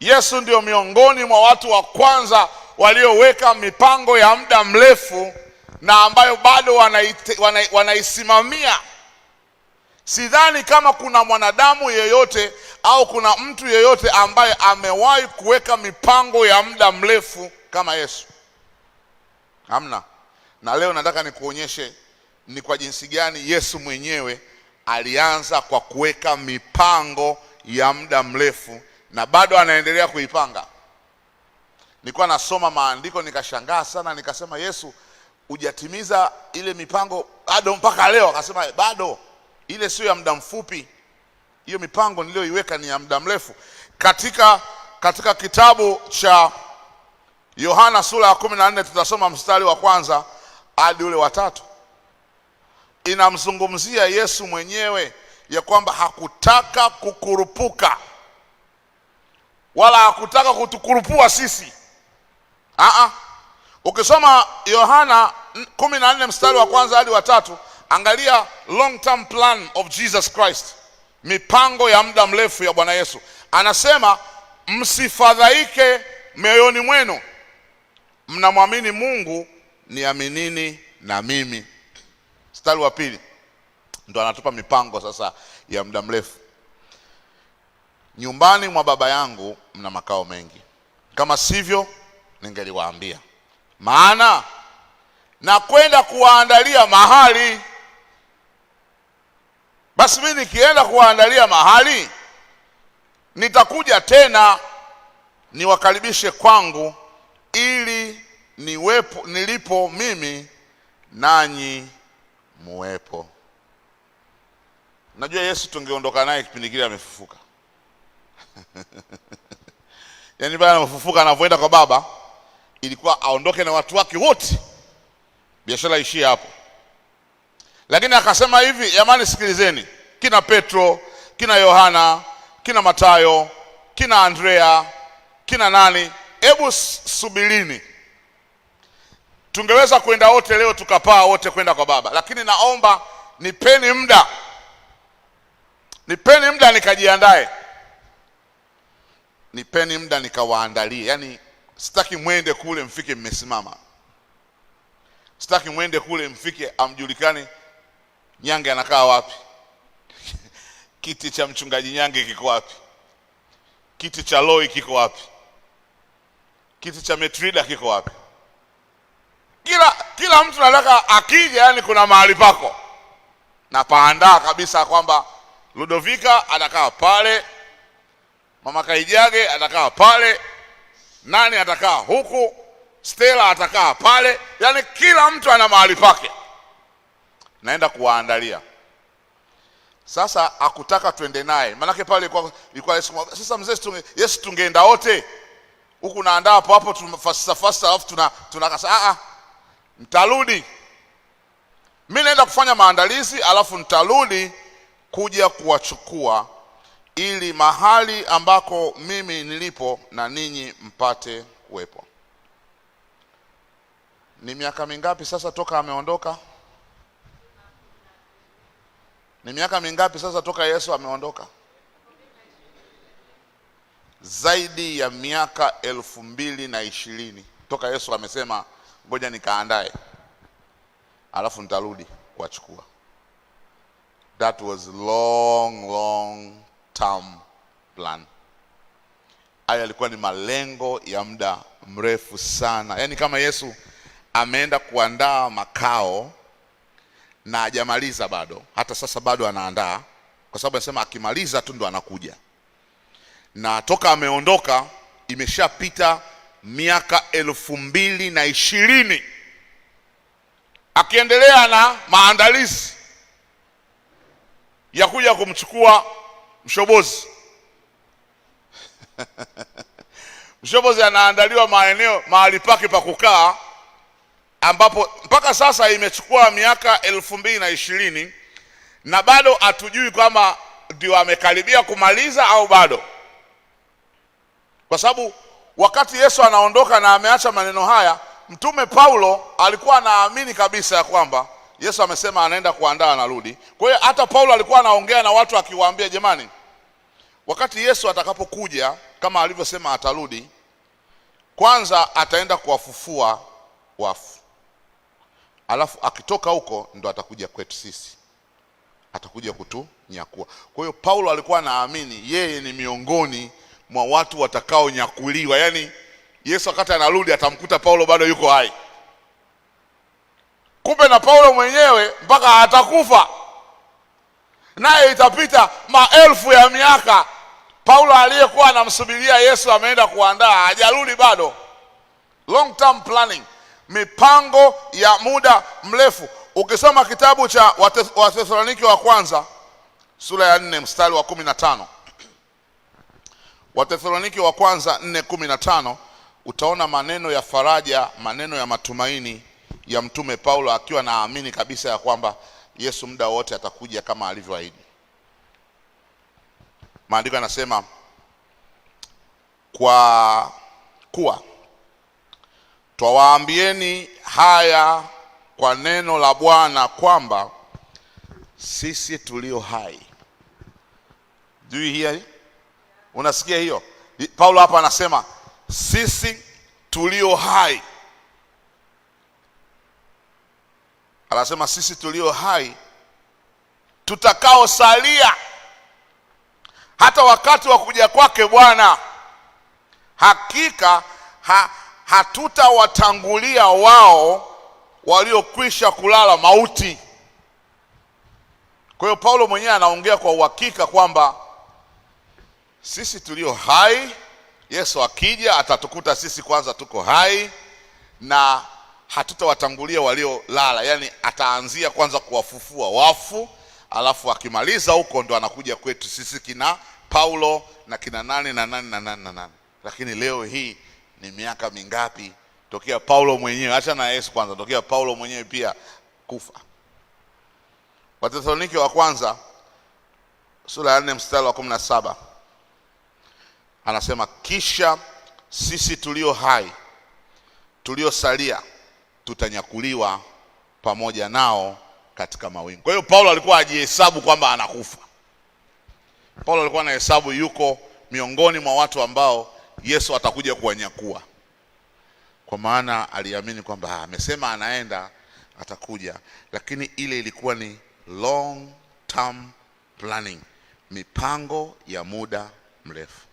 Yesu ndio miongoni mwa watu wa kwanza walioweka mipango ya muda mrefu na ambayo bado wanaisimamia. Wana, wana sidhani kama kuna mwanadamu yeyote au kuna mtu yeyote ambaye amewahi kuweka mipango ya muda mrefu kama Yesu. Hamna. Na leo nataka nikuonyeshe ni kwa jinsi gani Yesu mwenyewe alianza kwa kuweka mipango ya muda mrefu na bado anaendelea kuipanga. Nilikuwa nasoma maandiko nikashangaa sana, nikasema Yesu, hujatimiza ile mipango bado mpaka leo? Akasema eh, bado, ile sio ya muda mfupi, hiyo mipango niliyoiweka ni ya muda mrefu. Katika, katika kitabu cha Yohana sura ya kumi na nne tutasoma mstari wa kwanza hadi ule wa tatu. Inamzungumzia Yesu mwenyewe ya kwamba hakutaka kukurupuka wala hakutaka kutukurupua sisi. ah. ukisoma Yohana kumi na nne mstari wa kwanza hadi wa tatu, angalia long term plan of Jesus Christ, mipango ya muda mrefu ya Bwana Yesu. Anasema msifadhaike mioyoni mwenu, mnamwamini Mungu, niaminini na mimi. Mstari wa pili ndo anatupa mipango sasa ya muda mrefu nyumbani mwa baba yangu mna makao mengi, kama sivyo ningeliwaambia. Maana nakwenda kuwaandalia mahali. Basi mimi nikienda kuwaandalia mahali, nitakuja tena niwakaribishe kwangu, ili niwepo nilipo mimi, nanyi muwepo. Najua Yesu tungeondoka naye kipindi kile amefufuka yaani bwana amefufuka, anavyoenda kwa baba ilikuwa aondoke na watu wake wote, biashara ishie hapo. Lakini akasema hivi, jamani, sikilizeni, kina Petro kina Yohana kina Matayo kina Andrea kina nani, hebu subirini. Tungeweza kwenda wote leo tukapaa wote kwenda kwa baba, lakini naomba nipeni muda, nipeni muda nikajiandae nipeni muda nikawaandalie. Yaani sitaki mwende kule mfike mmesimama, sitaki mwende kule mfike amjulikane Nyange anakaa wapi? kiti cha mchungaji Nyange kiko wapi? kiti cha Loi kiko wapi? kiti cha Metrida kiko wapi? Kila kila mtu nataka akija, yani kuna mahali pako napaandaa kabisa kwamba Ludovika anakaa pale Mama Kaijage atakaa pale, nani atakaa huku, Stella atakaa pale, yaani kila mtu ana mahali pake. Naenda kuwaandalia sasa. akutaka twende naye, maanake pale ilikuwa ilikuwa sasa, mzee tunge, Yesu tungeenda wote huku, naandaa hapo hapo tunafasa fasa, alafu tuna tunakasa a ah, a, ah, mtarudi mimi naenda kufanya maandalizi, alafu nitarudi kuja kuwachukua ili mahali ambako mimi nilipo na ninyi mpate kuwepo. Ni miaka mingapi sasa toka ameondoka? Ni miaka mingapi sasa toka Yesu ameondoka? Zaidi ya miaka elfu mbili na ishirini toka Yesu amesema ngoja nikaandae, alafu nitarudi kuwachukua. That was long long term plan. Haya yalikuwa ni malengo ya muda mrefu sana, yaani kama Yesu ameenda kuandaa makao na hajamaliza bado. Hata sasa bado anaandaa, kwa sababu anasema akimaliza tu ndo anakuja, na toka ameondoka imeshapita miaka elfu mbili na ishirini akiendelea na maandalizi ya kuja kumchukua Mshobozi Mshobozi anaandaliwa maeneo mahali pake pa kukaa ambapo mpaka sasa imechukua miaka elfu mbili na ishirini na bado hatujui kwamba ndio amekaribia kumaliza au bado, kwa sababu wakati Yesu anaondoka na ameacha maneno haya, mtume Paulo alikuwa anaamini kabisa ya kwamba Yesu amesema anaenda kuandaa anarudi. Kwa hiyo hata Paulo alikuwa anaongea na watu akiwaambia, jamani Wakati Yesu atakapokuja kama alivyosema atarudi, kwanza ataenda kuwafufua wafu, alafu akitoka huko ndo atakuja kwetu sisi, atakuja kutunyakua. Kwa hiyo Paulo alikuwa anaamini yeye ni miongoni mwa watu watakaonyakuliwa, yaani Yesu wakati anarudi atamkuta Paulo bado yuko hai. Kumbe na Paulo mwenyewe mpaka atakufa naye itapita maelfu ya miaka Paulo aliyekuwa anamsubiria Yesu ameenda kuandaa, hajarudi bado. Long term planning, mipango ya muda mrefu. Ukisoma kitabu cha wathesaloniki wa kwanza sura ya 4 mstari wa 15, na tano wa kwanza 4:15 utaona maneno ya faraja, maneno ya matumaini ya mtume Paulo akiwa naamini kabisa ya kwamba Yesu muda wote atakuja kama alivyoahidi. Maandiko yanasema kwa kuwa twawaambieni haya kwa neno la Bwana kwamba sisi tulio hai. Do you hear? Unasikia hiyo? Paulo hapa anasema sisi tulio hai, anasema sisi tulio hai tutakaosalia hata wakati wa kuja kwake Bwana hakika ha, hatutawatangulia wao waliokwisha kulala mauti. Kwa hiyo Paulo mwenyewe anaongea kwa uhakika kwamba sisi tulio hai, Yesu akija atatukuta sisi kwanza tuko hai na hatutawatangulia waliolala, yaani ataanzia kwanza kuwafufua wafu alafu akimaliza huko ndo anakuja kwetu sisi kina Paulo na kina nane na nani na nani na nani Lakini leo hii ni miaka mingapi tokea Paulo mwenyewe, acha na Yesu kwanza, tokea Paulo mwenyewe pia kufa. watesaloniki wa kwanza sura ya 4 mstari wa saba anasema, kisha sisi tulio hai tuliosalia tutanyakuliwa pamoja nao katika mawingu. Kwa hiyo Paulo alikuwa ajihesabu kwamba anakufa. Paulo alikuwa anahesabu yuko miongoni mwa watu ambao Yesu atakuja kuwanyakua, kwa maana aliamini kwamba amesema anaenda, atakuja. Lakini ile ilikuwa ni long term planning, mipango ya muda mrefu.